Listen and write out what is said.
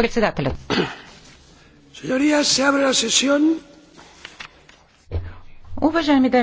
Председателят. Señorías, se abre la sesión. Уважаеми дами